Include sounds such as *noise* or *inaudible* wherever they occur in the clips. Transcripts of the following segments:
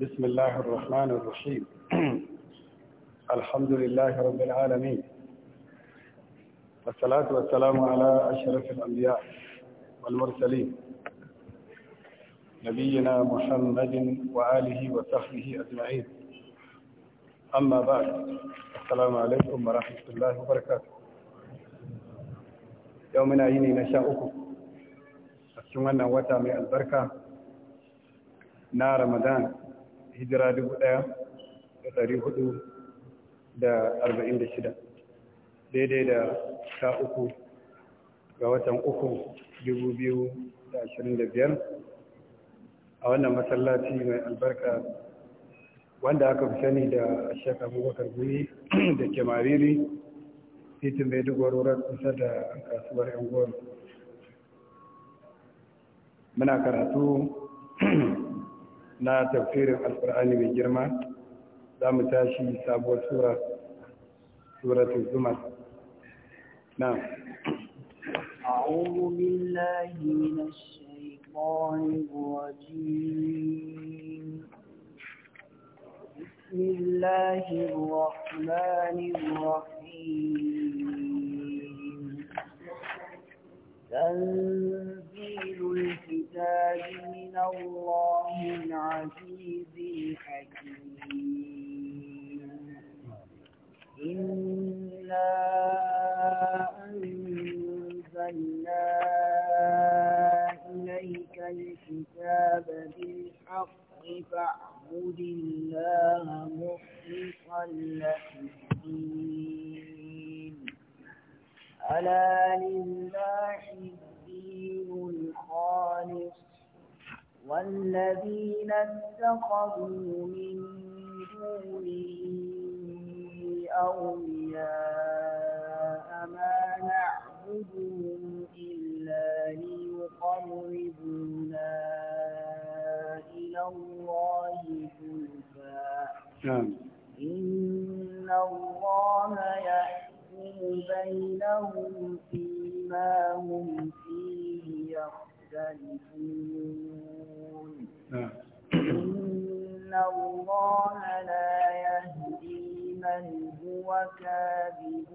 بسم الله الرحمن الرحيم الحمد لله رب العالمين والصلاة والسلام على أشرف الأنبياء والمرسلين نبينا محمد وآله وصحبه أجمعين أما بعد السلام عليكم ورحمة الله وبركاته yau muna yi ne na sha uku a cikin wannan wata mai albarka na ramadan hijira dubu da daidai da sha uku ga watan uku 2025 biyar a wannan masallaci mai albarka wanda aka fi sani da shekaru wakar guri da kemariri titin mai road kusa da kasuwar yan muna karatu *clears throat* na tafsirin alkur'ani mai girma za mu tashi sabuwar sura suratul zumar na أعوذ بالله من الشيطان الرجيم بسم الله الرحمن الرحيم تنزيل الكتاب من الله العزيز الحكيم اتخذوا من دونه أولياء ما نعبدهم إلا ليقربونا إلى الله زلفى نعم. إن الله يحكم بينهم فيما هم فيه يختلفون نعم. الله لا يهدي من هو كاذب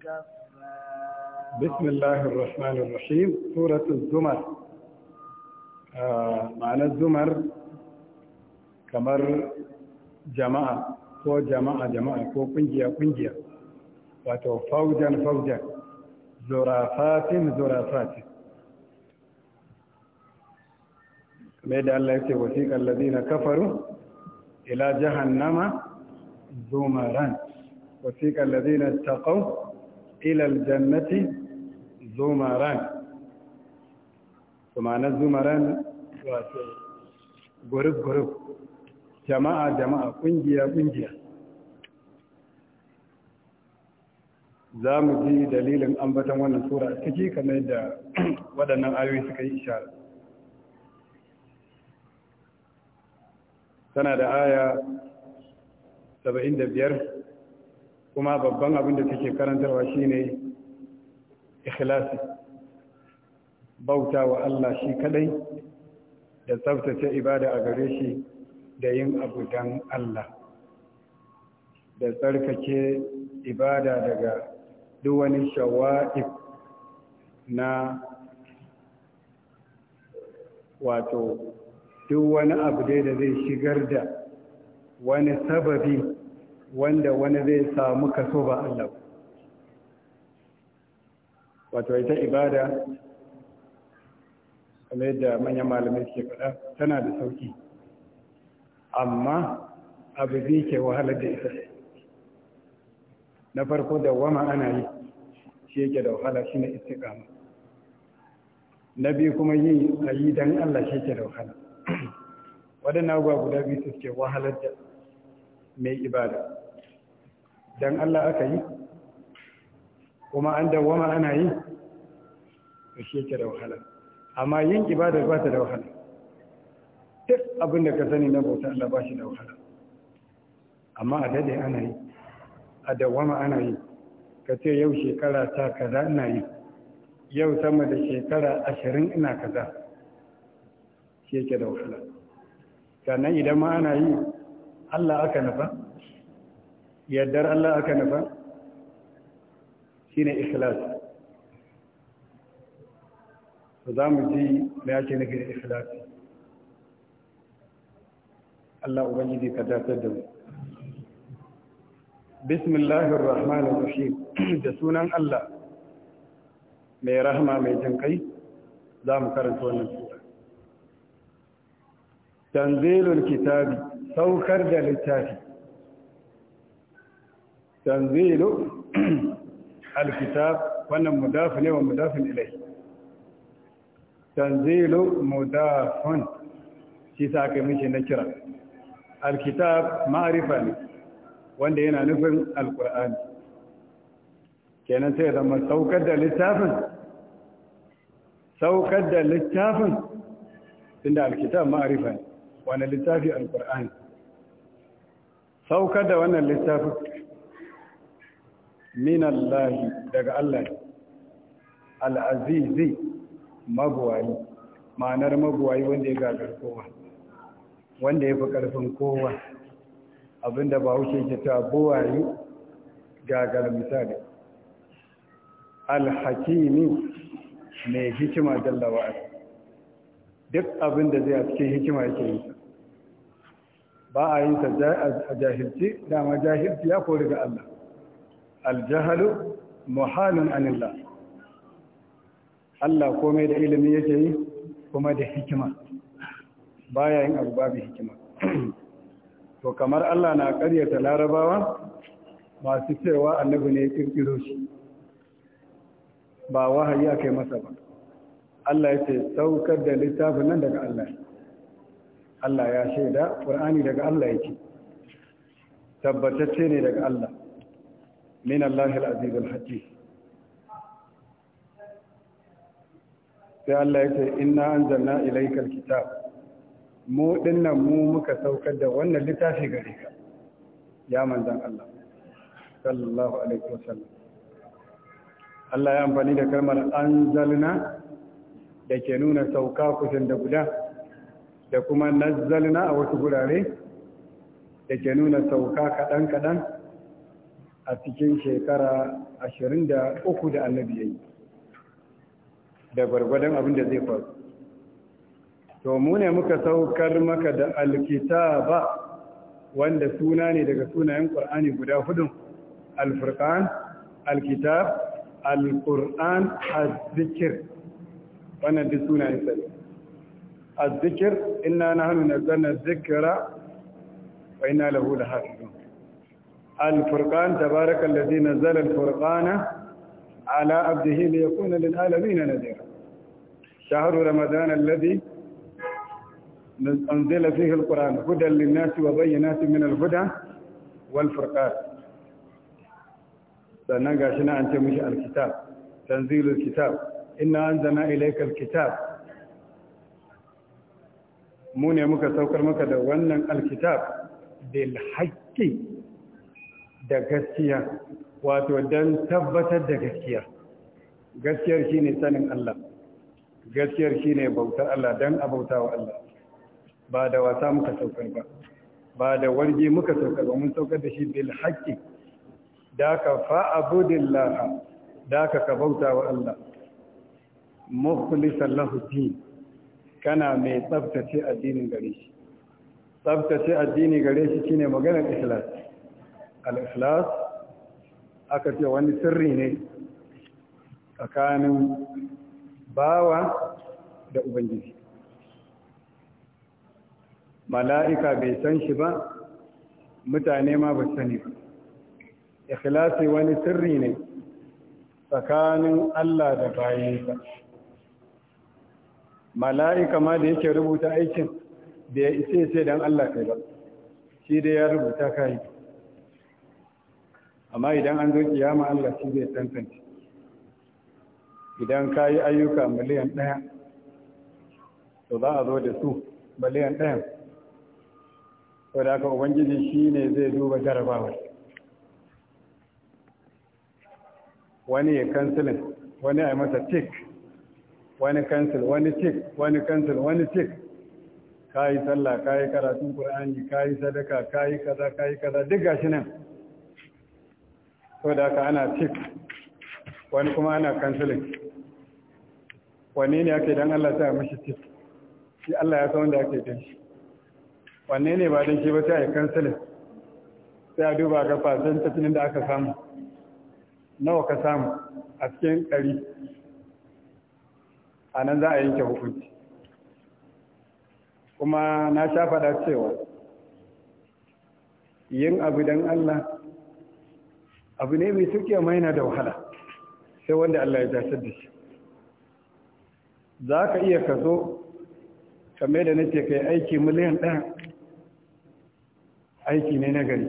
كفار بسم الله الرحمن الرحيم سورة الزمر آه معنى الزمر كمر جماعة ko جماعة jama'a ko كنجية kungiya فوجا فوجا faujan زرافات zurafatin mai da Allah yake wasiqal ladina kafaru ila jahannama zomaran wasiqal ladina taƙau ilal jannati zomaran kuma na wasu wato gurub gurub jama'a jama'a ƙungiya ƙungiya za mu ji dalilin ambatan wannan sura ciki kamar da waɗannan ayoyi suka yi ishara tana da aya 75 kuma babban abin da take karantarwa shine ikhlasi bauta wa Allah shi kadai da tsabtace ibada a gare shi da yin abu dan Allah da tsarkake ibada daga duk wani shawa'ib na wato duk wani abu dai da zai shigar da wani sababi wanda wani zai samu kaso ba Allah wato ita ibada kamar yadda manyan malamai suke faɗa tana da sauki amma abu zai ke wahalar da ita na farko da wama ana yi shi yake da wahala shi na istiƙama na biyu kuma yi a yi don Allah shi yake da wahala waɗannan abubuwa guda biyu suke wahalar da mai ibada don Allah aka yi kuma an wama ana yi da shi yake da wahala amma yin ibada ba ta da wahala duk abin da ka sani na bauta Allah ba shi da wahala amma a dade ana yi a wama ana yi ka ce yau shekara ta kaza ina yi yau sama da shekara ashirin ina kaza shi yake da wahala sannan idan ma ana yi Allah aka nufa yaddar Allah aka nufa shine ikhlas to za mu ji me ake nufi da ikhlas Allah ubangiji ka dace da mu bismillahir rahmanir rahim da sunan Allah mai rahama mai jinkai za mu karanta wannan sura tanzilul kitabi saukar da littafi tanzilu *clears throat* alkitab wannan mudafu ne wa mudafin ilai tanzilu mudafun shi sa aka mishi na kira alkitab ma'arifa ne wanda yana nufin alkur'ani kenan sai zama saukar da littafin saukar da littafin tunda alkitab ma'arifa ne wani littafi alkur'ani saukar da wannan littafi minallahi daga allah al'azizi magwayi ma'anar magwayi wanda ya gagar kowa wanda ya fi ƙarfin kowa abinda ba wuce ke ta buwayi gagar misali al-hakimi mai hikima jalla wa'ala duk abin da zai a cikin hikima yake yi ba a yin ta a jahilci dama jahilci ya kori ga Allah aljahalu muhalun anilla Allah komai da ilimi yake yi kuma da hikima baya yin abu babu hikima *clears throat* to kamar Allah na karyata larabawa masu cewa annabi ne ya kirkiro shi ba wahayi a yi masa ba Allah ya ce saukar da littafin nan daga Allah Allah ya shaida Qur'ani daga Allah ce tabbatacce ne daga Allah min Allah al-aziz al-hakim sai Allah ya ce inna anzalna ilaikar kitab mu dinnan mu muka saukar da wannan littafi gare ka ya manzan Allah sallallahu alaihi wasallam Allah ya amfani da kalmar anzalna da ke nuna sauka kusan da guda da kuma nazzalna a wasu gurare da ke nuna sauka kaɗan-kaɗan a cikin shekara ashirin da annabi yayi da gwargwadon abin da zai faru to mu ne muka saukar maka da alkitaba wanda suna ne daga sunayen ƙwar'ani guda hudun alfurkan alkitab alkur'an azzikir wannan duk sunayen الذكر انا نحن نزلنا الذكر وانا له wa الفرقان تبارك الذي نزل الفرقان على عبده ليكون للعالمين نذيرا شهر رمضان الذي أنزل فيه القرآن هدى للناس وبينات من الهدى والفرقان سننقاشنا أنت مش الكتاب تنزيل الكتاب inna anzalna ilayka kitab mu ne muka saukar maka da wannan alkitab bil haqqi da gaskiya wato dan tabbatar da gaskiya gaskiyar shine sanin Allah gaskiyar shine bautar Allah dan abautawa Allah ba da wasa muka saukar ba ba da warge muka saukar ba mun saukar da shi bil haqqi da ka fa abudillah da ka ka wa Allah mukhlisan lahu din kana mai tsaftace addinin gare shi tsaftace addini gare shi shine maganar ikhlas al-ikhlas aka ce wani sirri ne tsakanin bawa da ubangiji mala'ika bai san shi ba mutane ma ba sani ba ikhlasi wani sirri ne tsakanin Allah da bayansa mala'ika ma da yake rubuta aikin da ya isa sai don Allah kai ba shi da ya rubuta kai amma idan an zo kiyama Allah shi zai tantance idan ka yi ayyuka miliyan ɗaya to za a zo da su miliyan ɗayan to da aka ubangiji shi ne zai duba jarabawa wani ya kansilin wani a masa tik wani kansil wani cik wani kansil wani cik ka yi sallah ka yi karatun ƙur'ani ka yi sadaka ka yi kaza ka yi kaza duk gashi nan sau da haka ana cik wani kuma ana kansilin wanne ne ake don Allah ta mashi cik shi Allah ya san da ake don shi wanne ne ba don shi ba sai a yi kansilin sai a duba ga fasin tafinin da aka samu nawa ka samu a cikin ɗari a nan za a yanke hukunci kuma na sha faɗa cewa yin abu don Allah abu ne mai suke maina da wahala sai wanda Allah ya jasar da shi za ka iya ka zo kame da nake kai aiki miliyan ɗaya aiki ne na gari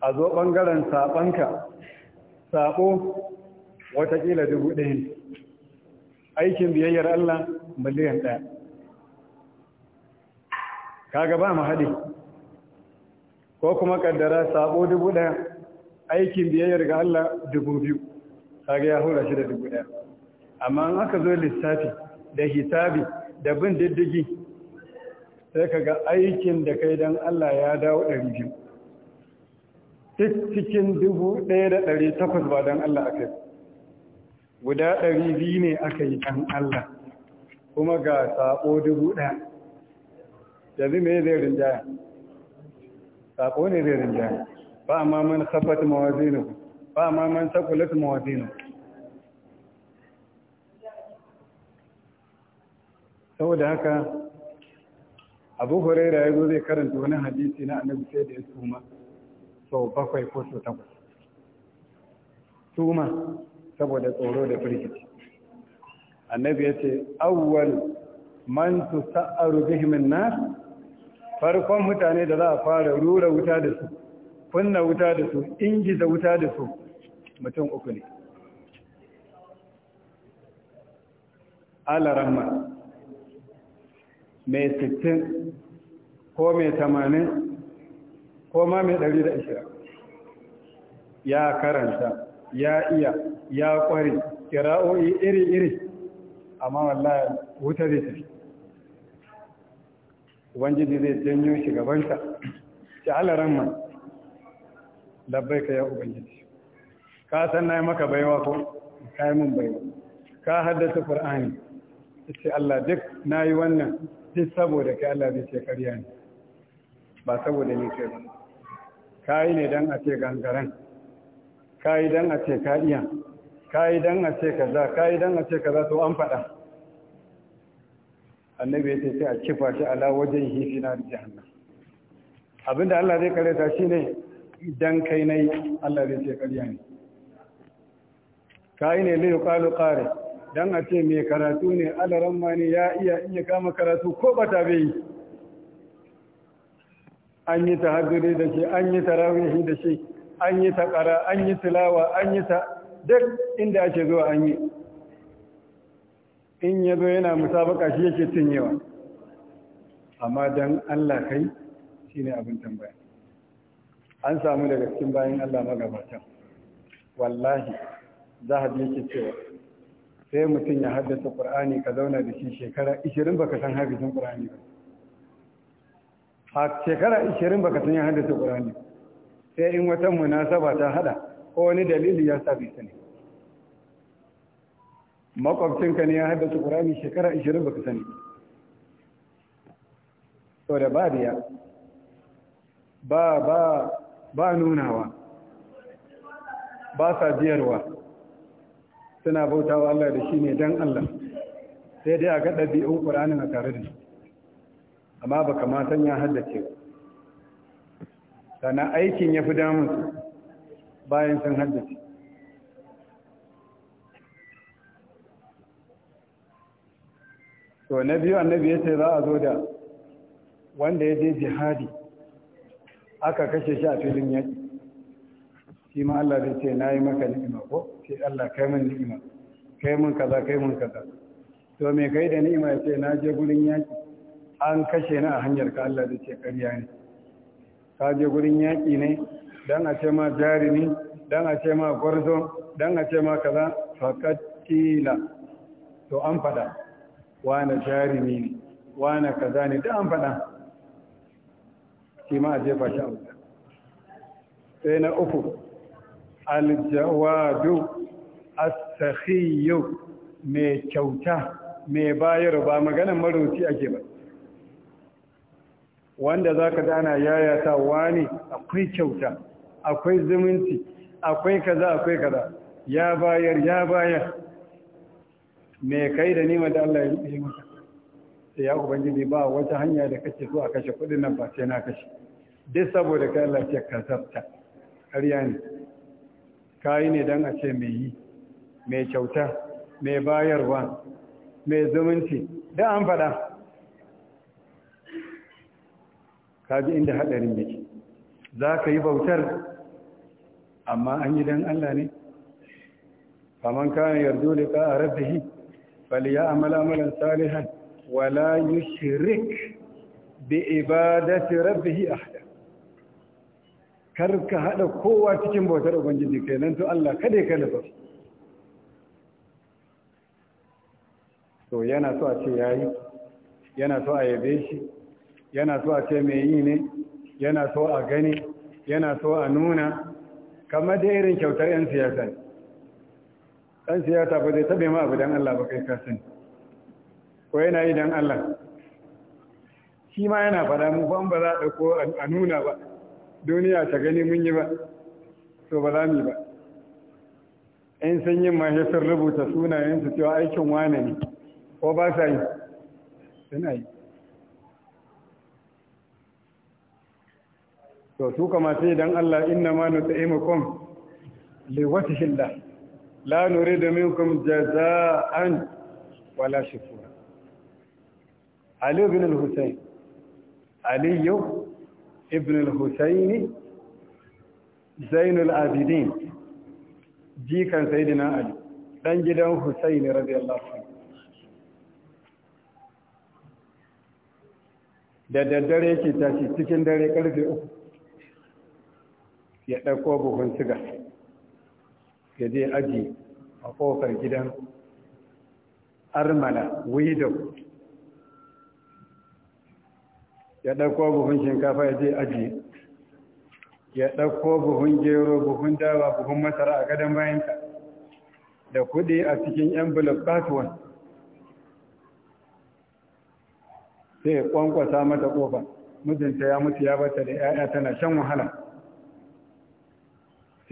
a zo ɓangaren saɓanka saɓo watakila dubu ɗaya ne aikin biyayyar Allah miliyan ɗaya kaga ba mu haɗe ko kuma kaddara sabo dubu ɗaya aikin biyayyar ga Allah dubu biyu kaga ya hura shi da dubu ɗaya amma in aka zo lissafi da hisabi da bin diddigi sai kaga aikin da kai don Allah ya dawo ɗari biyu duk cikin dubu ɗaya da ɗari takwas ba don Allah a kai guda ɗari biyu ne aka yi kan Allah kuma ga saƙo dubu ɗaya yanzu me zai rinjaya saƙo ne zai rinjaya ba ma man safat mawazinu ba ma man sakulat mawazinu saboda haka abu huraira ya zo zai karanta wani hadisi na annabi sai da ya suma sau bakwai ko sau takwas suma saboda tsoro da firgici annabi ya ce awwal man tusa'aru bihi min nas farkon mutane da za a fara rura wuta da su kunna wuta da su ingiza wuta da su mutum uku ne alarama mai sittin ko mai tamanin ko ma mai ɗari da ishirin ya karanta ya iya ya kware kira'o'i iri-iri amma wallahi wuta zai tafi ubangiji zai janyo shi gabanta ci alaran man labbai ka ya ubangiji ka san na yi maka baiwa ko ka yi mun baiwa ka haddasa ƙur'ani ce Allah duk na yi wannan duk saboda kai Allah zai ce ƙarya ne ba saboda ni kai ba ka yi ne don a ce gangaren ka yi don a ce ka iya ka yi don a ce kaza ka yi don a ce kaza to an faɗa annabi ya ce sai a kifa shi ala wajen hifi na jahannam abinda Allah zai kareta shine idan kai nayi Allah zai ce ƙarya ne kai ne lai qalu qari dan a ce mai karatu ne alaran ma ne ya iya iya kama karatu ko ta bai an yi tahajjudi da shi an yi tarawihi da shi an yi ta an yi tilawa an yi ta duk inda ake zuwa an yi in ya zo yana musabaka shi yake cinyewa amma don allah kai shi ne abin tambaya an samu daga cikin bayan allah magabatan wallahi zahabi yake cewa sai mutum ya haddasa ƙur'ani ka zauna da shi shekara 20 baka san hadisin ƙur'ani ba shekara 20 baka san ya haddasa ƙur'ani ba sai in wata munasaba ta hada ko wani dalili ya sa bai sani makwabcinka ne ya su ƙurami shekara 20 baka sani sau da ba biya ba ba ba nunawa ba sa biyarwa suna bautawa Allah da shi ne don Allah sai dai a ga ɗabi'un ƙuranin a tare da shi amma ba kamatan ya haddace ba sannan aikin ya fi damun bayan sun haddace to na biyu annabi ya ce za a zo da wanda ya je jihadi aka kashe shi a filin yaƙi shi ma Allah zai ce na yi maka ni'ima ko ce Allah kai min ni'ima kai min kaza kai min kaza to me kai da ni'ima ya ce na je gurin yaƙi an kashe ni a hanyar ka Allah zai ce ƙarya ne ka je gurin yaƙi ne don a ce ma jarimi don a ce ma gwarzo don a ce ma kaza fakatila to an fada wane jarimi ne wane kaza ne don an fada shi ma a jefa shi abu sai na uku aljawadu a sakhiyyu mai kyauta mai bayar ba maganin marauci ake ba wanda za ka dana yayata, wani akwai kyauta akwai zumunci akwai kaza akwai kaza ya bayar ya bayar me kai da nima da Allah ya yi maka sai ya ubangiji ba wata hanya da kake so a kashe kudin nan ba sai na kashe duk saboda kai Allah ya kasafta ƙarya ne yi ne don a ce mai yi mai kyauta mai bayarwa mai zumunci da an faɗa ka ji inda haɗarin yake za ka yi bautar amma an yi don Allah ne kamar kayan yardo da ka a rabbihi fali ya amala amalan salihan wala yushrik bi ibadati a hada kar ka hada kowa cikin bautar ubangiji kai nan to Allah kada ya lafa to yana so a ce yayi yana so a yabe shi yana so a ce mai yi ne yana so a gani yana so a nuna kamar da irin kyautar 'yan siyasa ɗan siyasa ba zai taɓe ma abu don Allah ba kai kasin ko yana yi don Allah shi ma yana faɗa mu ban ba za a ɗauko a nuna ba duniya ta gani mun yi ba so ba za mu yi ba in sun yi mahaifin sun rubuta sunayensu cewa aikin wane ne ko ba sa yi suna yi to su kama sai dan Allah inna ma nut'imukum li wajhillah la nuridu minkum jaza'an wala shukura Ali ibn al-Husayn Ali ibn al-Husayn Zainul Abidin jikan Sayyidina Ali dan gidan Husayn radiyallahu anhu da daddare yake tashi cikin dare karfe uku ya ɗauko buhun siga ya je aji a ƙofar gidan armala widow ya ɗauko buhun shinkafa ya je aji ya ɗauko buhun gero buhun dawa buhun masara a gadon bayanka da kuɗi a cikin envelope katuwan sai ya ƙwanƙwasa mata ƙofa mijinta ya mutu ya bata da 'ya'ya tana shan wahala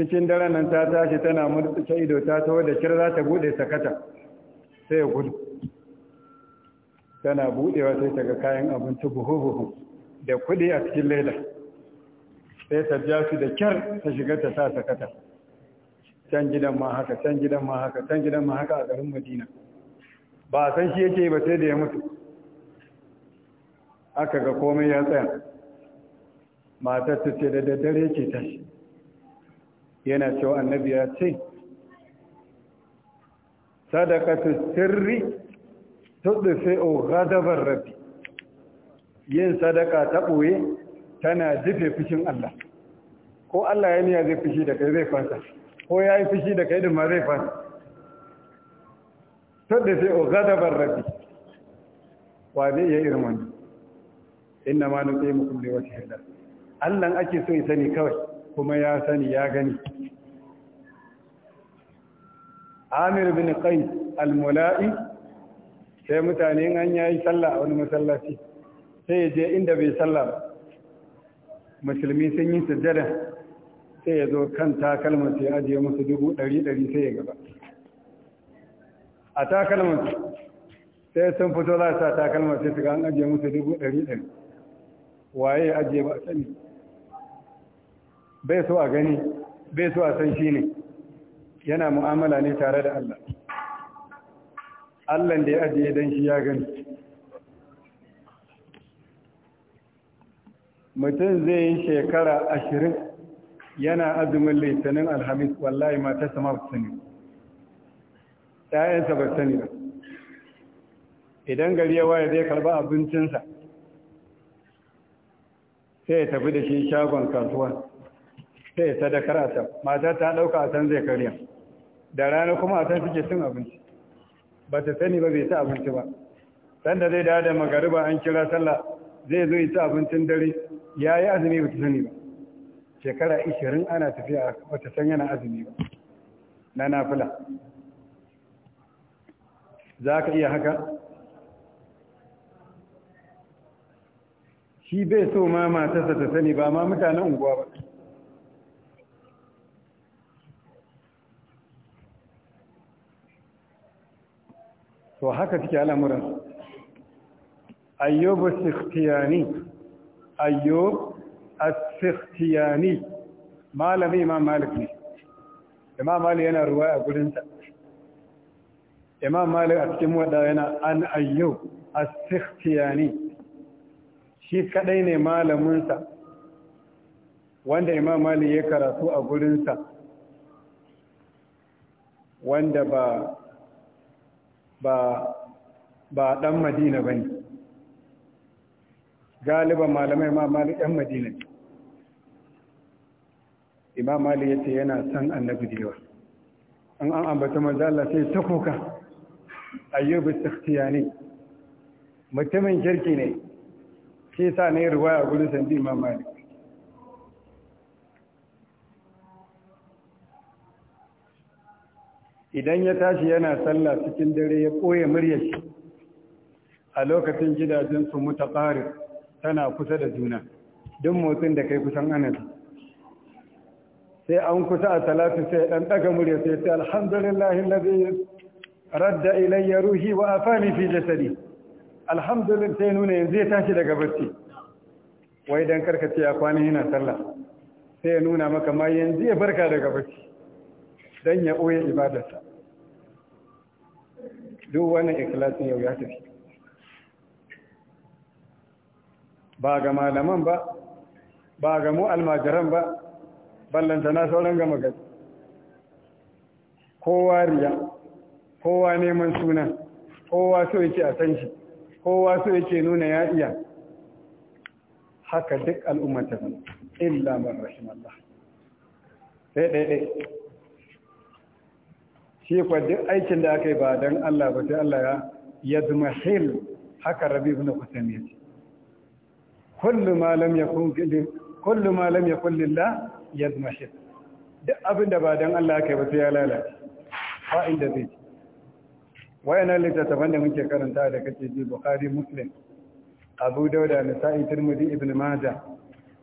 cikin daren nan ta tashi tana ta ido ta taho da kir za ta bude sakata sai ya gudu tana budewa sai ta ga kayan abinci buhu-buhu da kudi a cikin leda sai ta ja su da kyar ta shiga ta sa sakata can gidan ma haka can gidan ma haka can gidan ma haka a garin madina ba a san shi yake ba sai da ya mutu aka ga komai ya tsaya matar ta ce da daddare ke tashi yana cewa annabi ya ce sadaqatu sirri tudfi ghadabar rabbi yin sadaka ta boye tana jife fushin Allah ko Allah ya niya zai fushi da kai zai fasa ko ya yi fushi da kai din ma zai fasa tudfi ghadabar rabbi wa zai yi irin wannan inna ma nuqimukum liwajhi Allah Allah ake so ya sani kawai kuma ya sani ya gani amir bin qais al-mula'i sai mutane in an yayi sallah a wani masallaci sai je inda bai sallah ba musulmi sun yi sujjada sai ya zo kan takalmar sai ajiye musu dubu ɗari ɗari sai ya gaba a takalmar sai sun fito za su sa takalmar sai su ga an ajiye musu dubu ɗari ɗari waye ajiye ba a sani bai so a gani bai so a san shi ne yana mu'amala ne tare da Allah Allah da ya ajiye don shi ya gani mutum zai yi shekara ashirin yana azumin litinin alhamis wallahi mata sama ba sani ɗayansa ba sani ba idan gari ya waye zai karba abincinsa sai ya tafi da shi shagon kasuwa sai sadakar a can mata ta ɗauka a can zai karya da rana kuma a can suke cin abinci ba ta sani ba bai ci abinci ba sanda zai dawo da magariba an kira sallah zai zo ya ci abincin dare ya yi azumi ba ta sani ba shekara ishirin ana tafiya ba ta san yana azumi ba na nafila za ka iya haka shi bai so ma matarsa ta sani ba ma mutanen unguwa ba to haka take al'amuran ayyub sikhtiyani ayyub as-sikhtiyani malami imam malik ne imam malik yana ruwaya a gurin ta imam malik a cikin wada yana an ayyub as-sikhtiyani shi kadai ne malamin sa wanda imam malik ya karatu a gurin sa wanda ba ba ɗan madina ba ne galiban malamai ma mali ɗan madina ne imam mali ya ce yana san annabi da yawa an an ambata manzo Allah sai ta kuka ayyub istikhtiyani mutumin kirki ne shi sa ne ruwaya gurin sandi imam mali idan ya tashi yana sallah cikin dare ya koye muryar shi a lokacin gidajen su mutaqarib tana kusa da juna duk motsin da kai kusan anan sai an kusa a Talatu sai dan daga muryar sai sai alhamdulillahi alladhi radda ilayya ruhi wa afani fi jasadi alhamdulillah sai nuna yanzu ya tashi daga barci wai dan karkace ya kwana yana sallah sai ya nuna maka ma yanzu ya barka daga barci don ya ɓoye ibadarsa duk wannan ikilasin yau ya tafi ba ga malaman ba ba ga mu almajiran ba ballanta na sauran gama gari kowa riya kowa neman suna kowa so yake a san shi kowa so yake nuna ya iya haka duk al'ummata illa man rahimallah sai ɗaiɗai shi kuwa duk aikin da aka yi ba don Allah ba sai Allah ya hil haka rabi ibn ya ce kullu ma lam yakun kullu ma lam yakun lillah duk abin da ba don Allah aka yi ba sai ya lalace ba inda zai ci wayannan littattafan da muke karanta da kace ji Bukhari Muslim Abu Dauda Nasa'i Tirmidhi Ibn Majah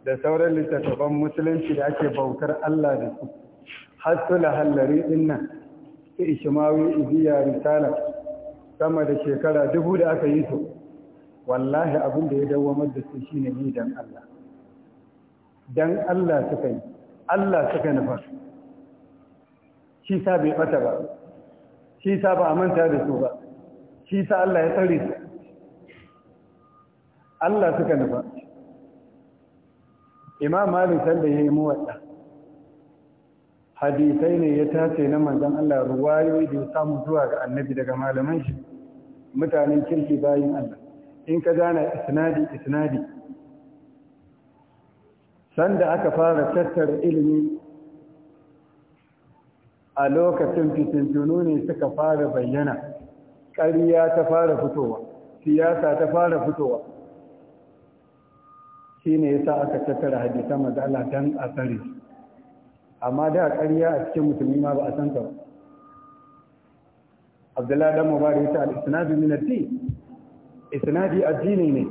da sauran littattafan musulunci da ake bautar Allah da su har su Hallari dinnan ta ishimawi ibiya risala sama da shekara dubu da aka yi su wallahi abin da ya dawamar da su shine ni dan Allah dan Allah suka yi Allah suka nufa shi sa bai bata ba shi sa ba a manta da su ba shi sa Allah ya tsare su Allah suka nufa imam malik sanda ya yi muwadda hadisai ne ya tace na manzon Allah ruwayoyi da samu zuwa ga annabi daga malaman shi mutanen kirki bayin Allah in ka gana isnadi isnadi sanda aka fara tattara ilimi a lokacin fitintunu ne suka fara bayyana ƙariya ta fara fitowa siyasa ta fara fitowa shi ne ya sa aka tattara hadisan mazala don a tsare amma da ƙarya a cikin musulmi ma ba a san ta ba abdullahi dan mubarak ya ce al-isnadu min ad-din isnadi addini ne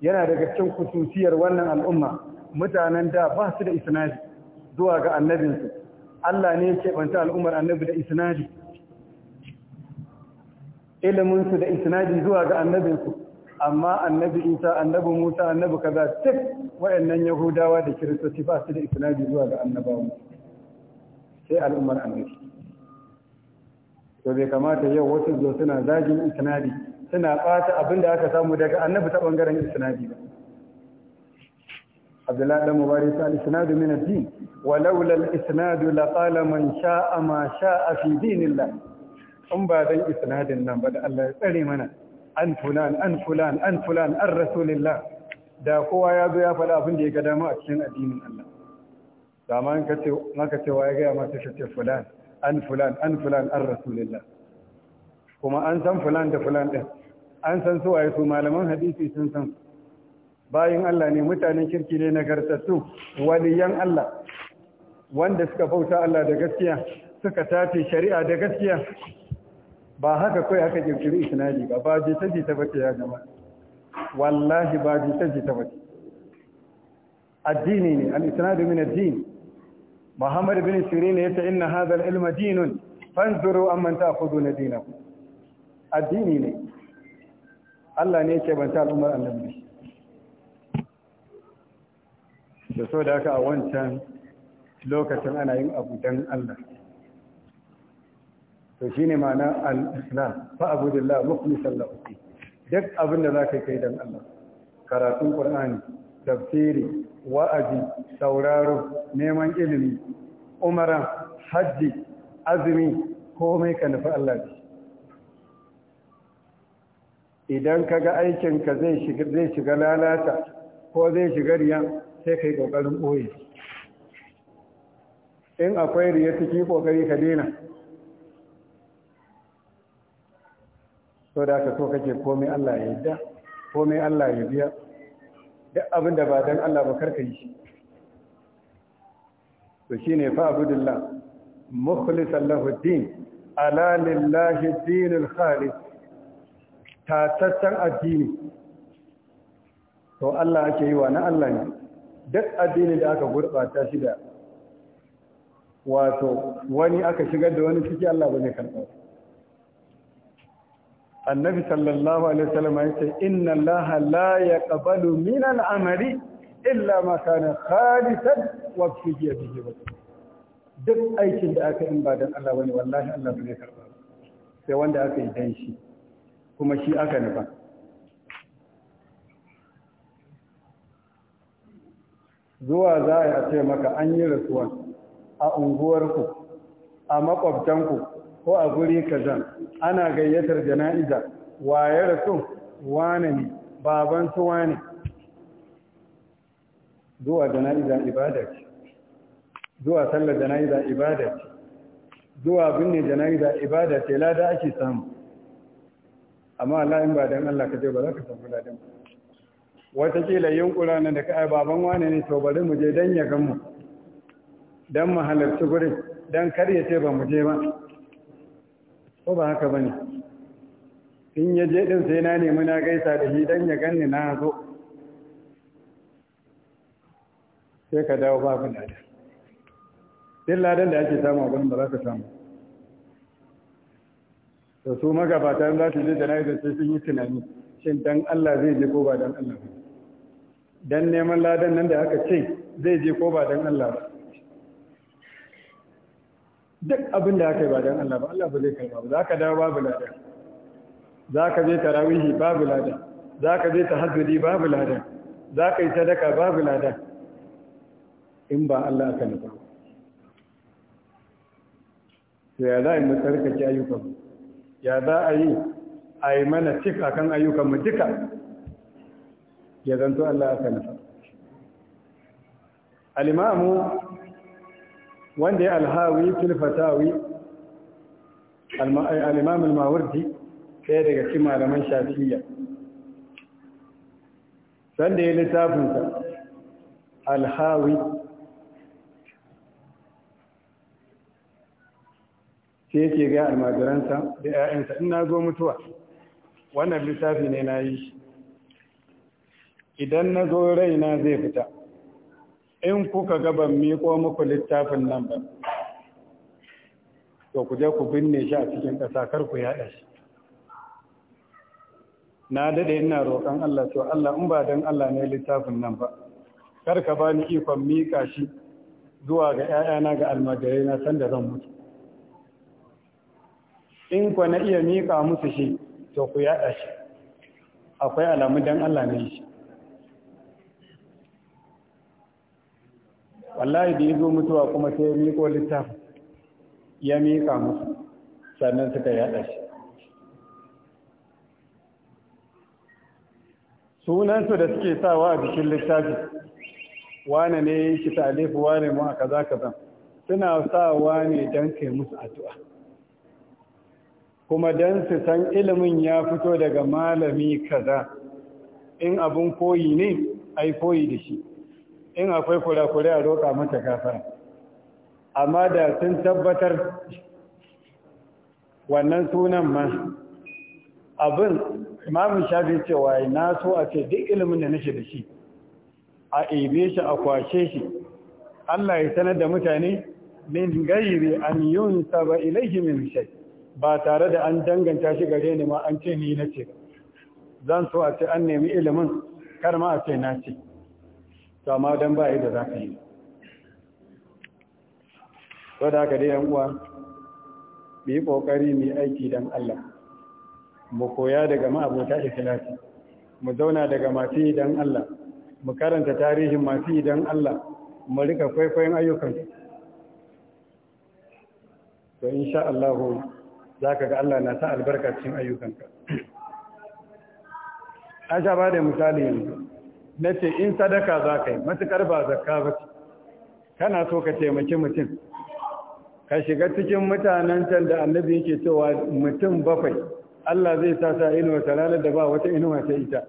yana daga cikin kususiyar wannan al'umma mutanen da ba su da isnadi zuwa ga annabinsu Allah ne ya banta al'ummar annabi da isnadi iliminsu da isnadi zuwa ga annabinsu amma annabi isa annabi musa annabi kaza duk wayannan yahudawa da kiristoci ba su da isnadi zuwa ga annabawa sai al'ummar annabi to bai kamata yau wasu zo suna zagin isnadi suna ɓata abin da aka samu daga annabi ta ɓangaren isnadi ba abdullahi dan mubarak ta isnadu min ad-din walau lal isnadu la qala man sha'a ma sha'a fi dinillah in ba dan isnadin nan ba da Allah ya tsare mana an fulan an fulan an fulan an rasulillah da kowa ya zo ya faɗa abin da ya ga dama a cikin addinin Allah da ma in ka ce wa ya gaya masu shi ce fulan an fulan an fulan an rasulillah kuma an san fulan da fulan ɗin an san su waye su malaman hadisi sun san bayin Allah ne mutanen kirki ne na gartattu waliyan Allah wanda suka bauta Allah da gaskiya suka tafi shari'a da gaskiya ba haka kai aka kirkiri isnadi ba ba ji ta ji ta bace ya jama'a wallahi ba ji ta ji ta bace addini ne al-isnadu min ad-din Muhammad bin Sirin yace inna hadha al-ilma dinun fanzuru amman ta'khuduna dinakum addini ne Allah ne yake banta al'ummar annabi da so da haka a wancan lokacin ana yin abu dan Allah to shi ne ma'ana al-islam fa abudillah mukhlishan lahu duk abin da ka kai don Allah karatun ƙwar'ani tafsiri wa'azi sauraro neman ilimi umara hajji azumi komai ka nufi Allah ne idan ka ga ka zai shiga lalata ko zai shiga riya sai ka yi ƙoƙarin ɓoye in akwai riya ciki ƙoƙari ka dina so da aka so kake komai Allah ya yadda komai Allah ya biya duk abin da ba dan Allah ba karka yi shi to shine fa abudullah mukhlisan lahu din ala lillahi dinul khalis tataccen addini to Allah ake yi wa na Allah ne duk addini da aka gurɓata shi da wato wani aka shigar da wani ciki Allah ba zai karɓa annabi sallallahu alaihi wasallam ya ce inna allaha la yaqbalu min al-amali illa ma kana khalisan wa fi yadihi duk aikin da aka in ba dan Allah bane wallahi Allah bai karba sai wanda aka yi dan shi kuma shi aka nufa zuwa za a ce maka an yi rasuwa a unguwarku a makwabtanku ko a guri kaza ana gayyatar jana'iza waye rasu wane ne baban su wane zuwa jana'iza ibada ce zuwa sallar jana'iza ibada ce zuwa binne jana'iza ibada ce lada ake samu amma Allah in ba dan Allah ka je ba za ka samu wata kila yunkura nan da kai baban wane ne to bari mu je dan ya gan mu dan mu gurin dan kar ya ce ba mu je ba ko ba haka bane in ya je din sai na nemi na gaisa da shi dan ya ganni na zo sai ka dawo ba babu lada sai ladan da ake samu a gurin ba za ka samu to su magabata za su je jana'izar sai sun yi tunani shin dan Allah zai je ko ba dan Allah ba dan neman ladan nan da aka ce zai je ko ba dan Allah ba duk abin da aka yi ba don Allah ba Allah ba zai kai ba za ka dawo babu lada za ka je tarawihi babu lada za ka je tahajjudi babu lada za ka yi sadaka babu lada in ba Allah aka nufa to ya za a yi mu tsarkake ayyukan ya za a yi a yi mana cik kan ayyukan mu duka ya zanto Allah aka nufa al-imamu wanda ya alhawi filfatawi al-imam al ɗaya daga cikin malaman shafi'iyya sanda ya littafinsa alhawi sai yake ga almajiransa da 'ya'yansa ina zo mutuwa wannan littafi ne na yi shi idan na zo raina zai fita in kuka ga ban miƙo muku littafin nan ba to ku je ku binne shi a cikin ƙasa kar ku yaɗa shi na dade ina roƙon Allah to Allah in ba dan Allah ne littafin nan ba kar ka bani ikon miƙa shi zuwa ga ƴaƴana ga almajirai na san da zan mutu in ku na iya miƙa musu shi to ku yaɗa shi akwai alamu dan Allah ne shi wallahi da ya zo mutuwa kuma sai ya miƙo littafin ya miƙa musu sannan suka yaɗa shi sunansu da suke sawa a jikin littafi wane ne ya yi talifu wane mu a kaza kaza suna sawa ne don kai musu addu'a kuma don su san ilimin ya fito daga malami kaza in abun koyi ne ai koyi da shi in akwai kurakure a roƙa mata kafara amma da sun tabbatar wannan sunan ma abin imamun shafi cewa na so a ce duk ilimin da nashi da shi a ibe shi a kwashe shi Allah ya sanar da mutane min gairi an yunsa ba ilaihi min shai ba tare da an danganta shi gare ni ma an ce ni na ce. zan so a ce an nemi ilimin kar ma a ce na ce to amma don ba yadda za ka yi wadda aka dai uwa mai yi kokari mai aiki don Allah mu koya daga ma'abota ikilasi mu zauna daga masu yi don Allah mu karanta tarihin masu yi don Allah mu rika kwaikwayon ayyukan to insha Allah za ka ga Allah na sa albarkacin ayyukanka an sha ba da misali yanzu na ce in sadaka za ka yi matuƙar ba zakka ba kana so ka taimaki mutum ka shiga cikin mutanen can da annabi yake cewa mutum bakwai Allah zai sa sa inuwa talalar da ba wata inuwa ta ita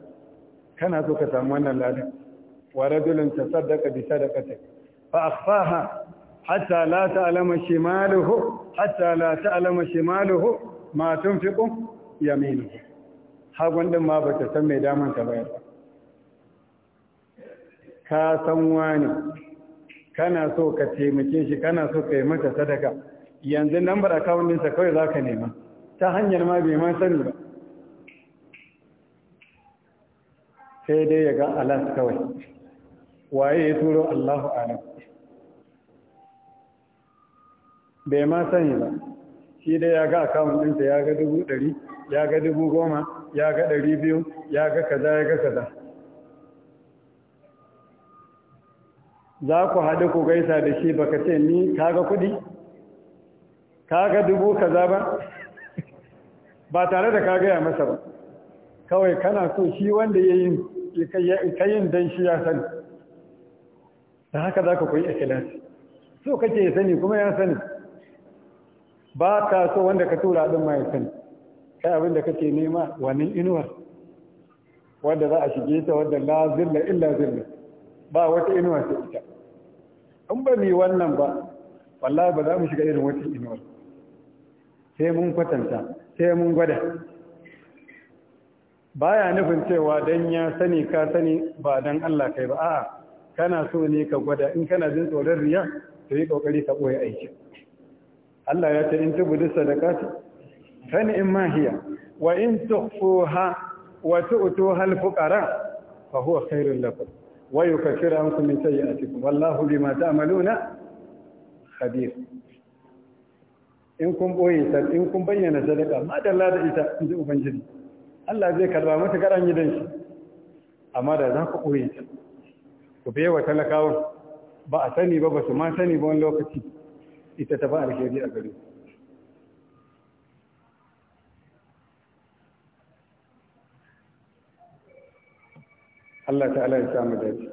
kana so ka samu wannan ladin wa rajulun tasaddaqa bi sadaqati fa akhfaha hatta la ta'lama shimaluhu hatta la ta'lama shimaluhu ma tunfiqu yaminuhu hagun din ma bata san mai daman ba bayar ba ka san wani kana so ka taimake shi kana so ka yi mata sadaka yanzu lambar akawuninsa kawai za ka nema ta hanyar ma bai ma sani ba sai dai ya ga alas kawai waye ya turo allahu alam bai ma sani ba shi dai ya ga akawun ya ga dubu dari, ya ga dubu goma ya ga dari biyu ya ga kaza ya ga kaza za ku haɗu ku gaisa da shi baka ce ni kaga kuɗi kaga dubu za ba ba tare da ka gaya masa ba kawai kana so shi wanda ya yi kayin don shi ya sani da haka za ka kuyi ikilasi so kake ya sani kuma ya sani ba ka so wanda ka tura ɗin ma ya sani kai abin da kake nema wani inuwar wadda za a shige ta wadda la illa zilla ba wata inuwa ta ita in ba mai wannan ba wallahi ba za mu shiga irin wata inuwar sai mun kwatanta sai mun gwada baya nufin cewa dan ya sani ka sani ba dan Allah kai ba a'a kana so ne ka gwada in kana jin tsoron riya to yi kokari ka boye aiki Allah ya ce in tubudu sadaqati fa in hiya wa in tuhfuha wa tu'tuha al-fuqara fa huwa khairul lakum wa yukaffiru ankum min sayyi'atikum wallahu bima ta'maluna khabir in kun boye ta in kun bayyana sadaka madalla da ita in ji ubangiji Allah zai karba mata garan gidan shi amma da za ku boye ta ku bai wa talakawan ba a sani ba ba su ma sani ba wani lokaci ita ta ba alheri a gare ku Allah ta'ala ya samu dace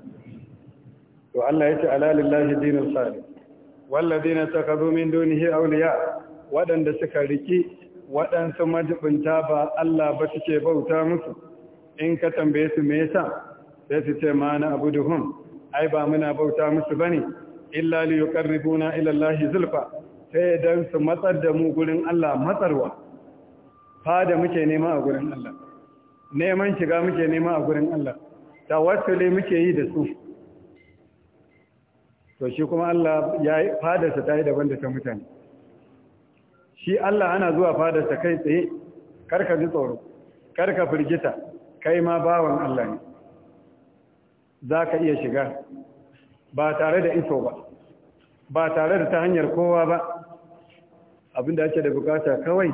to Allah yace ala lillahi dinul salih walladheena takazu min dunihi awliya wadanda suka riki wadansu majibinta ba Allah ba suke bauta musu in ka tambaye su me yasa sai su ce ma na abuduhum ai ba muna bauta musu bane illa li yuqarribuna ila Allah zulfa sai dan su matsar da mu gurin Allah matsarwa fa da muke nema a gurin Allah neman shiga muke nema a gurin Allah tawassuli muke yi da su to shi kuma Allah ya yi sa ta daban da ta mutane shi Allah ana zuwa sa kai tsaye karka ji tsoro karka firgita kai ma bawan Allah ne za iya shiga ba tare da iso ba ba tare da ta hanyar kowa ba abinda ake da bukata kawai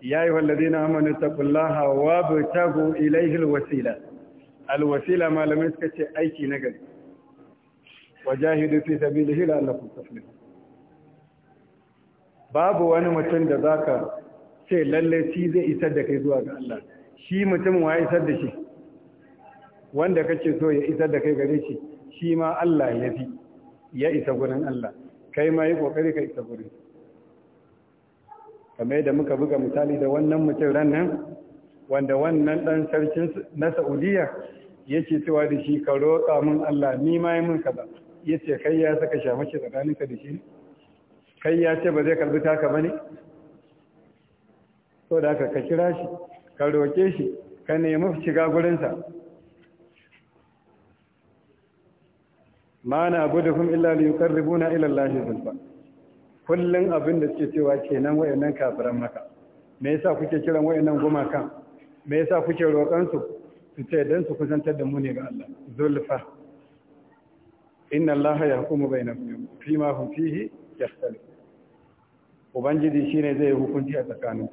ya yi amanu na wa bu tagu ilaihil wasila alwasila malamai suka ce aiki na gari wajahidu fi sabilihi la'allakum tuflihun babu wani mutum da zaka ce lalle shi zai isar da kai zuwa ga Allah shi mutum wa isar da shi wanda kake so ya isar da kai gare shi shi ma Allah ya fi ya isa gurin Allah kai ma yi kokari ka isa gurin kamar da muka buga misali da wannan mutum ran nan wanda wannan dan sarkin na Saudiya yake cewa da shi ka roƙa min Allah ni ma yi min kaza yace kai ya saka tsakanin ka da shi kai ya ce ba zai karbi taka bane to da haka ka kira shi ka roƙe shi ka nemi shiga sa. ma na abu da kuma illa na ribuna ilallahi zulfa kullum abin da suke cewa kenan wayannan kafiran maka me yasa kuke kiran wayannan gumakan me yasa kuke roƙansu su ce don su kusantar da mu ne ga Allah zulfa inna Allah ya hukumu bainahum fi ma hukihi ya yakhtalif ubangiji ne zai hukunci a tsakanin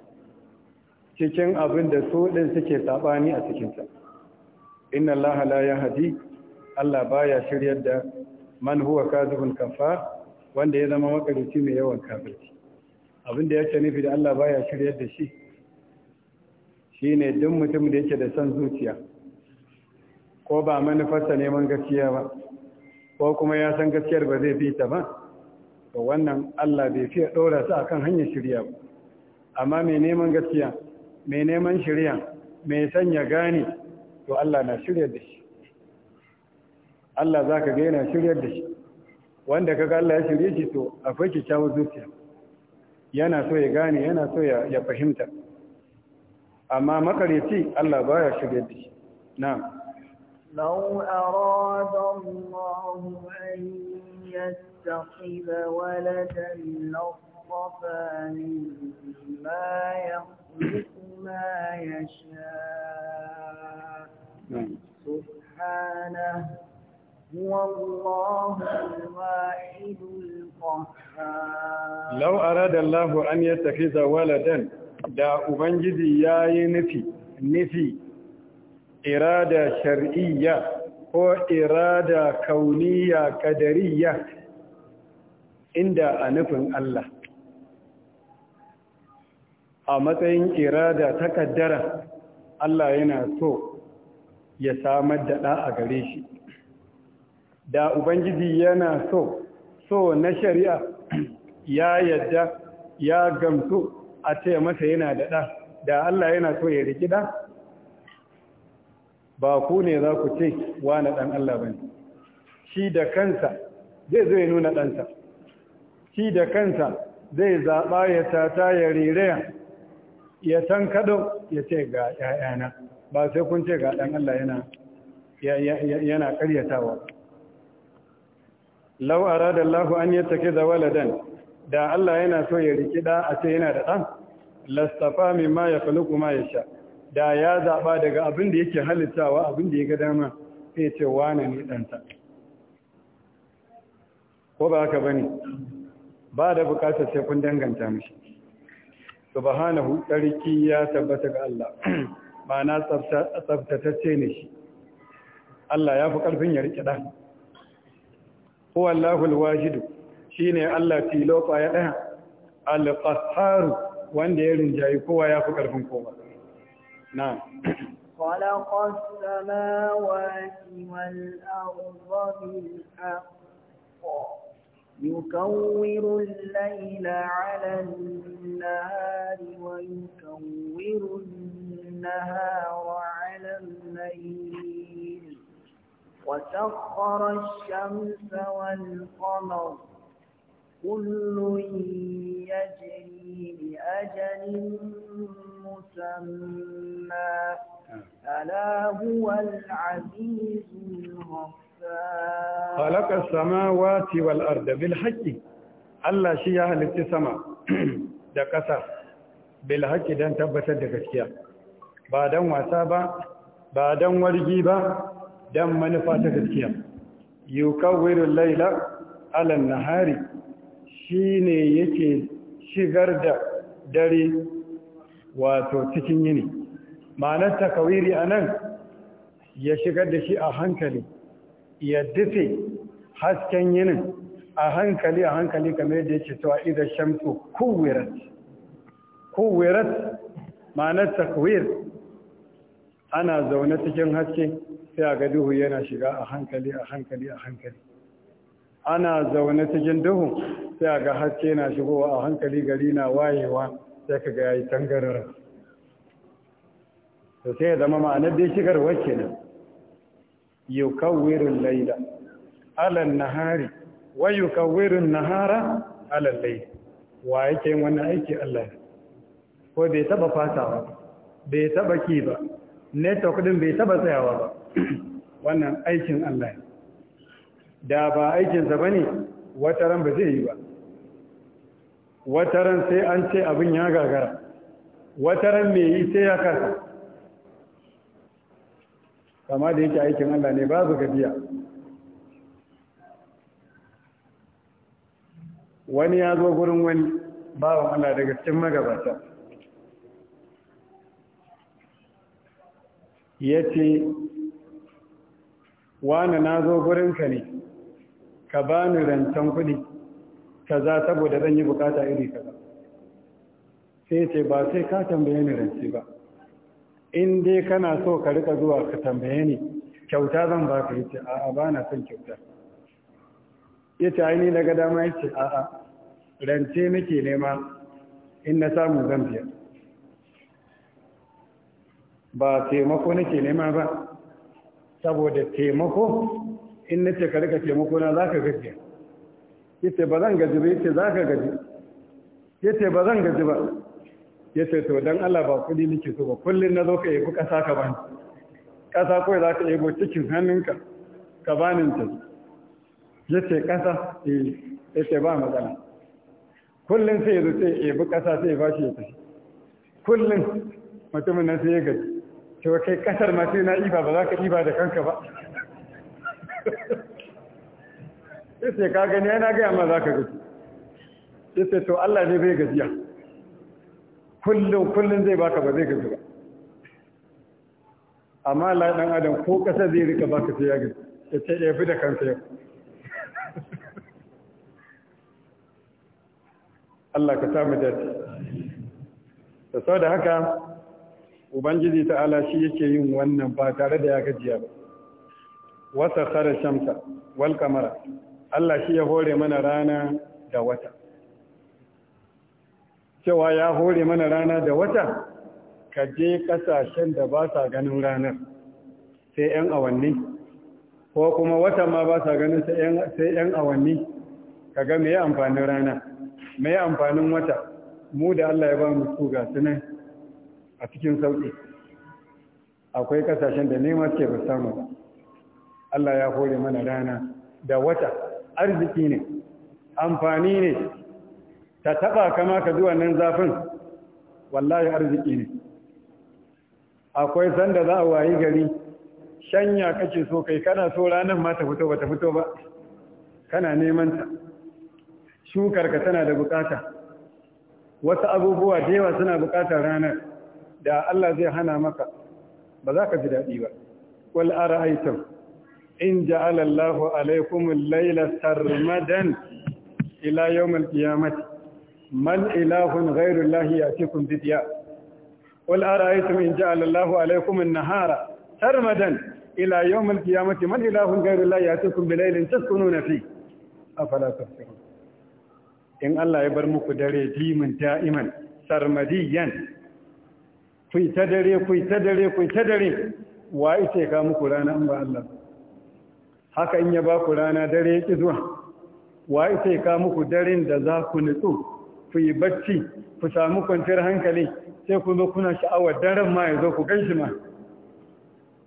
cikin abin da su din suke sabani a cikin inna Allah la yahdi Allah baya shiryar da man huwa kadhibun kafa wanda ya zama makarici mai yawan kafirci abin da yake nufi da Allah baya shiryar da shi Shi ne duk mutum da yake da son zuciya ko ba manufarsa neman gaskiya ba ko kuma ya san gaskiyar ba zai fi ta ba to wannan Allah bai fiye ɗora su akan hanyar shirya ba amma mai neman gaskiya mai neman shirya mai sanya gane to Allah na shirya da shi Allah za ka gaina shiryar da shi wanda kaga Allah ya shirye shi to akwai kyakkyawar zuciya yana so ya gane yana so ya fahimta amma makareci Allah baya shirye da shi na'am لو أراد الله أن يتخذ ولدا لاصطفى مما يخلق ما يشاء نعم. سبحانه هو الله الواحد القهار لو أراد الله أن يتخذ ولدا da Ubangiji يا نفي nufi, nufi irada shar'iyya ko irada kauniya kadariya inda a nufin Allah a matsayin irada ta kaddara Allah yana so ya samar da ɗa a gare shi da Ubangiji yana so so na shari'a *clears throat* ya yadda ya gamsu a ce masa yana da ɗa da Allah yana so ya riki ɗa ba ku ne za ku ce na ɗan Allah ba ne shi da kansa zai zo ya nuna ɗansa shi da kansa zai zaɓa ya tata ya rereya ya kaɗo ya ce ga ‘ya'yana ba sai kun ce ga ɗan Allah yana ƙaryatawa lau a radar lafi an yi take da waladan da Allah yana so ya rikida a ce yana da ɗan lastafa mai ma ya faluku ma ya sha da ya zaɓa daga abin da yake halittawa abin da ya ga dama sai ce wane ne ɗanta ko ba haka ba ne ba da bukatar sai kun danganta mashi subhanahu tsarki ya tabbata ga Allah *clears throat* na tsabtatacce ne shi Allah ya fi ƙarfin ya riƙe ɗan huwallahu shi shine Allah tilo ya ɗaya alƙasaru wanda ya rinjayi kowa ya fi ƙarfin kowa نعم خلق السماوات والأرض بالحق يكور الليل على النهار ويكور النهار على الليل وسخر الشمس والقمر كل يجري لأجل مسمى ألا هو العزيز الغفار خلق السماوات والأرض بالحق Allah shi ya sama da ƙasa bil haƙƙi don tabbatar da gaskiya ba don wasa ba ba don wargi ba don manufa ta gaskiya yukawwirul laila alan nahari shi ne yake shigar da dare wato cikin yini ma'anar takawiri a nan ya shigar da shi a hankali ya dufe hasken yinin a hankali a hankali kamar yadda yake cewa ida shamsu kuwirat kuwirat ma'anar takwir ana zaune cikin haske sai a ga duhu yana shiga a hankali a hankali a hankali ana zaune cikin duhu sai a ga haske na shigowa a hankali gari na wayewa sai ka ga yi tangarar to sai ya zama ma'anar dai shigar wacce nan yukawwirul layla alal nahari wa yukawwirun nahara alal laida. wa yake yin wannan aiki Allah ko bai taba ba, bai taba ki ba network kudin bai taba tsayawa ba *clears throat* wannan aikin Allah ne da ba aikinsa ba ne wataran ba zai yi ba wataran sai an ce abin ya gagara wataran mai yi sai ya kasa kama da yake aikin Allah ne babu gabiya wani ya zo gurin wani bawan Allah daga cikin magabata ya ce wani na zo gurinka ne ka bani rancen kuɗi kaza saboda zan yi bukata iri kaza sai ce ba sai ka tambaye ni rance ba in dai kana so ka rika zuwa ka tambaye ni kyauta zan ba ka yace a'a ba na son kyauta yace ai ni daga dama yace a'a rance nake nema in na samu zan biya ba taimako nake nema ba saboda taimako in na ce ka rika taimako na za ka gaji ya ce ba zan gaji ba ya ce za ka gaji ya ce ba zan gaji ba ya ce to don Allah ba kudi nake so ba kullum na zo ka yi ƙasa ka bani ƙasa kawai za ka yi cikin hannunka ka banin ta ya ce ƙasa eh. ya ce ba matsala kullum sai ya zo sai ya yi ƙasa sai ya bashi ya tafi kullum mutumin nan sai ya gaji cewa kai ƙasar ma sai na iba ba za ka iba da kanka ba sai ka gani yana gaya ma za ka gaji sai to Allah ne bai gajiya kullum kullum zai baka ba zai gaji ba amma la dan adam ko kasa zai rika baka sai ya gaji ya ce ya fi da kansa yau Allah ka samu dace da sau da haka ubangiji ta'ala shi yake yin wannan ba tare da ya gajiya ba wasa tsara shamsa wal kamara Allah shi ya hore mana rana da wata cewa ya hore mana rana da wata ka je kasashen da ba sa ganin ranar sai 'yan awanni ko kuma wata ma ba sa ganin sai 'yan awanni ka ga mai amfanin rana mai amfanin wata mu da Allah ya ba mu su ga nan a cikin sauƙi akwai kasashen da nema suke ba samu Allah ya hore mana rana da wata arziki ne amfani ne ta taba kama ka zuwa nan zafin wallahi arziki ne akwai sanda za a wayi gari shanya kace so kai kana so ranar ma ta fito ba ta fito ba kana neman ta shukar ka tana da bukata wasu abubuwa da yawa suna bukatar ranar da Allah zai hana maka ba za ka ji daɗi ba wal ara'aytum in ja'ala Allahu alaykum al-layla sarmadan ila yawm al man ilahun ghayru Allahi yatikum bidya qul ara'aytum in ja'ala Allahu alaykum an-nahara sarmadan ila yawm al man ilahun ghayru Allahi yatikum bilaylin taskununa fi afala tafsirun in Allah ya bar muku dare dimin da'iman sarmadiyan ku ta dare ku ta dare ku ta dare wa ita ka muku rana an ba Allah haka in ya ba ku rana dare ya ƙi zuwa wa ita ya kama muku darin da za ku nutsu ku yi bacci ku samu kwanciyar hankali sai ku zo kuna sha'awar daren ma ya zo ku gan shi ma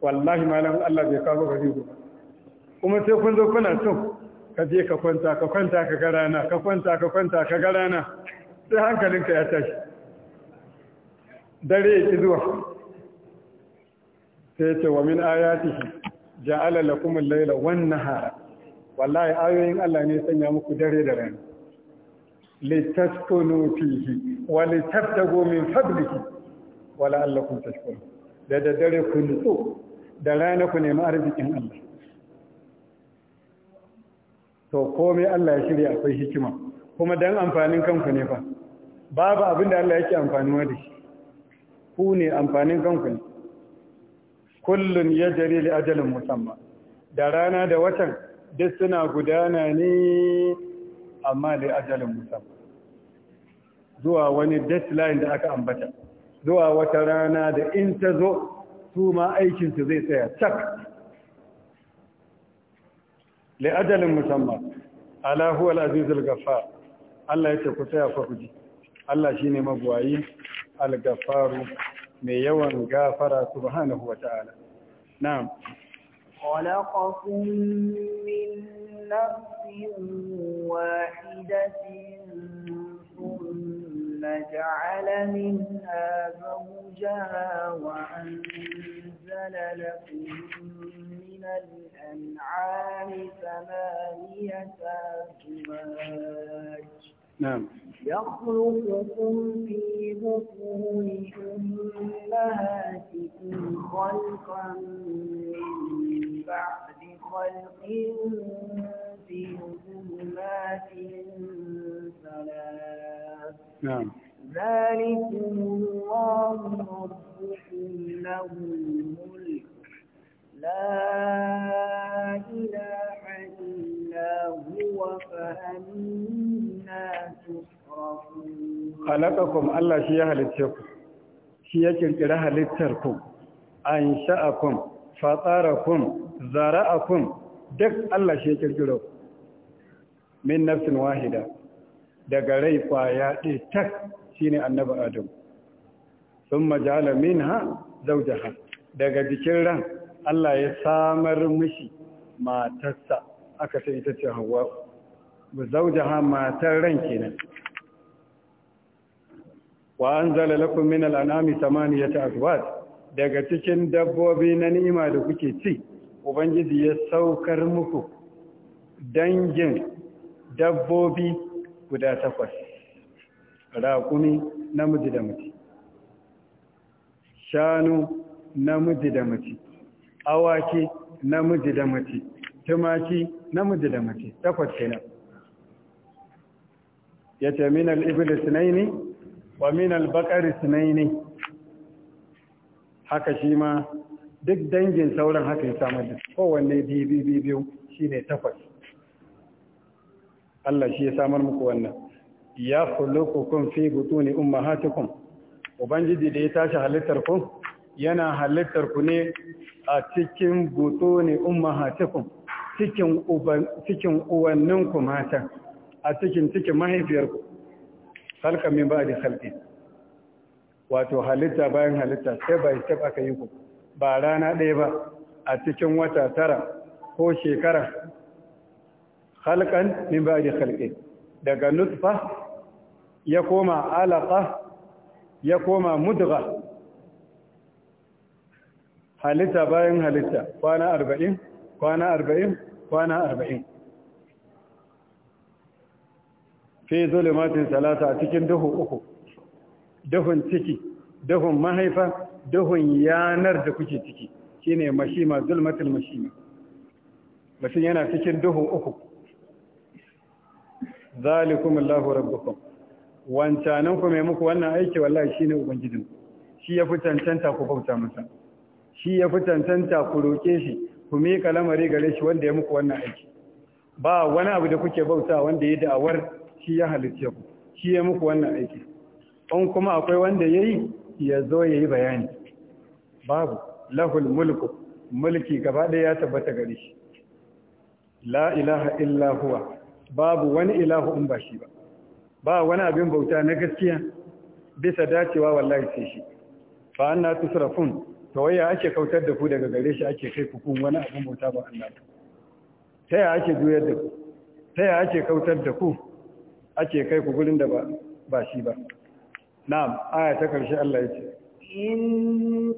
wallahi malam Allah bai kawo ga zai kuma sai kun zo kuna so ka je ka kwanta ka kwanta ka ga rana ka kwanta ka kwanta ka ga rana sai hankalinka ya tashi dare ya ƙi zuwa sai ce wa min ayatihi ja'ala lakum al-laila wan nahara wallahi ayoyin Allah ne sanya muku dare da rana litaskunu fihi wa litabtagu min fadlihi wa la'allakum tashkurun da da dare ku nutsu da rana ku nemi arzikin Allah to komai Allah ya shirya akwai hikima kuma dan amfanin kanku ne fa babu abinda Allah yake amfanuwa da shi ku ne amfanin kanku ne kullun ya jari li ajalin musamman da rana da watan duk suna gudana ne amma li ajalin musamman zuwa wani deadline da aka ambata zuwa wata rana da in ta zo su ma aikinsu zai tsaya cak li ajalin musamman ala huwa al-azizul ghaffar Allah yake ku tsaya fa kuji Allah shine magwayi al-ghaffar mai yawan gafara subhanahu wa ta'ala نعم خلقكم من نفس واحدة ثم جعل منها زوجها وأنزل لكم من الأنعام ثمانية أزواج نعم يخلقكم في بطون أمهاتكم خلقا من بعد خلق في ظلمات ثلاث نعم ذلكم الله ربكم khalaqakum Allah shi ya halicce ku shi ya kirkira halittar ku an sha'akum fatarakum zara'akum duk Allah shi ya kirkira ku. min nafsin wahida daga rai kwaya ɗe tak shine annaba adam thumma ja'ala minha ha. daga jikin ran Allah ya samar mishi matarsa aka sai ita ce Hawwa zaujaha matar ran kenan wa anzala lakum min al-an'ami thamaniyata azwaj daga cikin dabbobi na ni'ima da kuke ci ubangiji ya saukar muku dangin dabbobi guda takwas raƙumi namiji da mace shanu namiji da mace awaki namiji da mace tumaki namiji da mace takwas kenan ya ce al-iblis naini wa min al-baqari sunaini haka shi ma duk dangin sauran haka ya samar da kowanne biyu biyu shine takwas Allah shi ya samar muku wannan ya khuluqukum fi butuni ummahatikum ubangiji da ya tashi halittar ku yana halittar ku ne a cikin butuni ummahatikum cikin uban cikin uwanninku mata a cikin cikin mahaifiyarku halkan min ba'di khalqi wato halitta bayan halitta sai by step aka yi ku ba rana ɗaya ba a cikin wata tara ko shekara halkan min ba'di khalqi daga nutfa ya koma alaqa ya koma mudgha halitta bayan halitta kwana 40 kwana 40 kwana 40 fi zulumatin salasa a cikin duhu uku duhun ciki duhun mahaifa duhun yanar da kuke ciki shine mashima zulmatul mashima Mashin yana cikin duhu uku zalikum Allahu rabbukum wancanan ku mai muku wannan aiki wallahi shine ubangijin shi ya fitantanta ku bauta masa shi ya fitantanta ku roke shi ku miƙa lamari gare shi wanda ya muku wannan aiki ba wani abu da kuke bauta wanda ya da'awar shi ya halitta ku shi ya muku wannan aiki in kuma akwai wanda ya yi ya zo ya yi bayani babu lahul mulku mulki gaba ɗaya ya tabbata gare shi la ilaha illa huwa babu wani ilahu in ba shi ba ba wani abin bauta na gaskiya bisa dacewa wallahi sai shi fa anna tusrafun to waye ake kautar da ku daga gare shi ake kai ku kun wani abin bauta ba Allah ta ya ake juyar da ku ta ya ake kautar da ku ake kai ku gurin da ba shi ba na'am aya ta karshe Allah ya ce in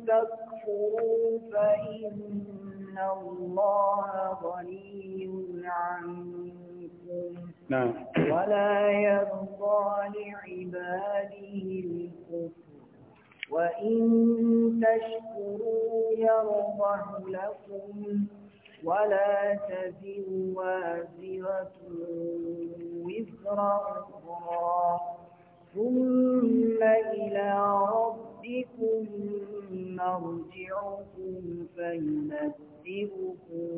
takfuru fa inna Allah ghaniyun 'ankum na'am wala yarda li'ibadihi al-kufr وإن تشكروا يرضه لكم ولا تزر وازرة وزر أخرى ثم إلى ربكم مرجعكم فينبئكم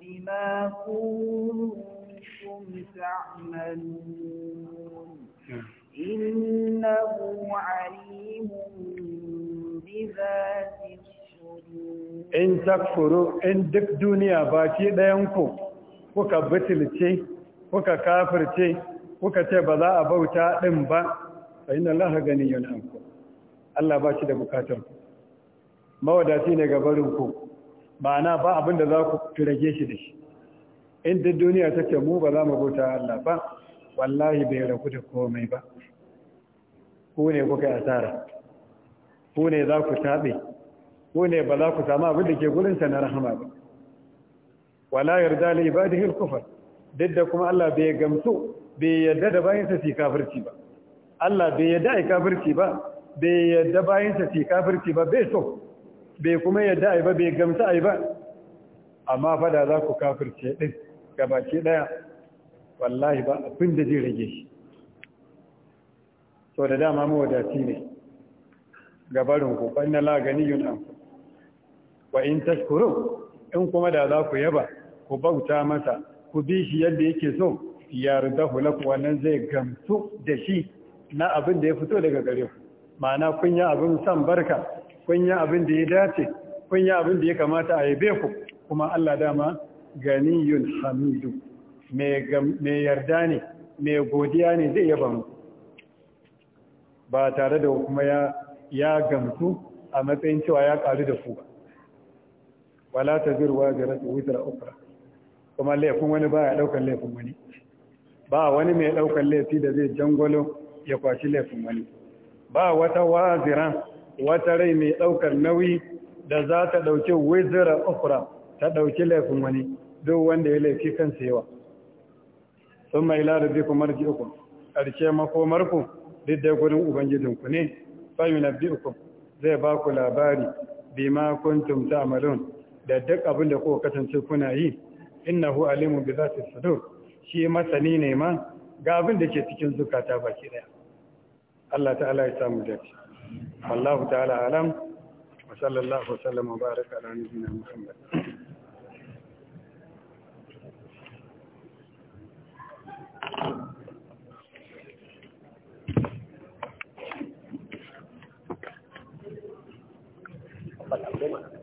بما كنتم تعملون إنه عليم بذات in takfuru in duk duniya baki ɗayanku kuka butulce kuka kafirce kuka ce ba za a bauta ɗin ba nan laha gani ganiyun anku Allah ba shi da bukatar ku mawadaci ne ga barin ku ma'ana ba abin da za ku rage shi da shi in duk duniya ta ce mu ba za mu bauta Allah ba wallahi bai raku da komai ba ku ne kuka asara ku ne za ku taɓe ko ne ba za ku samu abin da ke gurinsa na rahama ba wala yarda li ibadihi al-kufr duk da kuma Allah bai gamsu bai yadda da bayansa su kafirci ba Allah bai yarda ai kafirci ba bai yadda bayansa su kafirci ba bai so bai kuma yarda ai ba bai a ai ba amma fada za ku kafirce din gabace daya wallahi ba abin da zai rage shi so da dama mawadati ne gabarin ku fa inna la ganiyun anfu wa in tashkuru in kuma da za ku yaba ku bauta masa ku bi shi yadda yake so yardahu lakum wannan zai gamsu da shi na abin da ya fito daga gare ku ma'ana kun yi abin san barka kun yi abin da ya dace kun yi abin da ya kamata a yabe ku kuma Allah dama ganiyun hamidu mai yarda ne mai godiya ne zai yaba mu ba tare da kuma ya gamsu a matsayin cewa ya karu da ku ba wala ta zirwa su witra ukra kuma laifin wani ba a daukan laifin wani ba wani mai daukan laifi da zai jangolo ya kwashi laifin wani ba wata waziran wata rai mai daukar nauyi da za ta dauki wizara ukra ta dauki laifin wani duk wanda ya laifi kan yawa sun mai bi kuma marji uku ƙarshe makomarku duk da gurin ubangijinku ne bi uku zai ba ku labari bima kuntum ta'malun da duk abin da kowa kasance kuna yi innahu alimu bi zati sudur shi masani ne ma ga abin da ke cikin zukata baki daya Allah ta'ala ya samu dace Allah ta'ala alam wa sallallahu wa sallama baraka ala nabiyina Muhammad Thank you.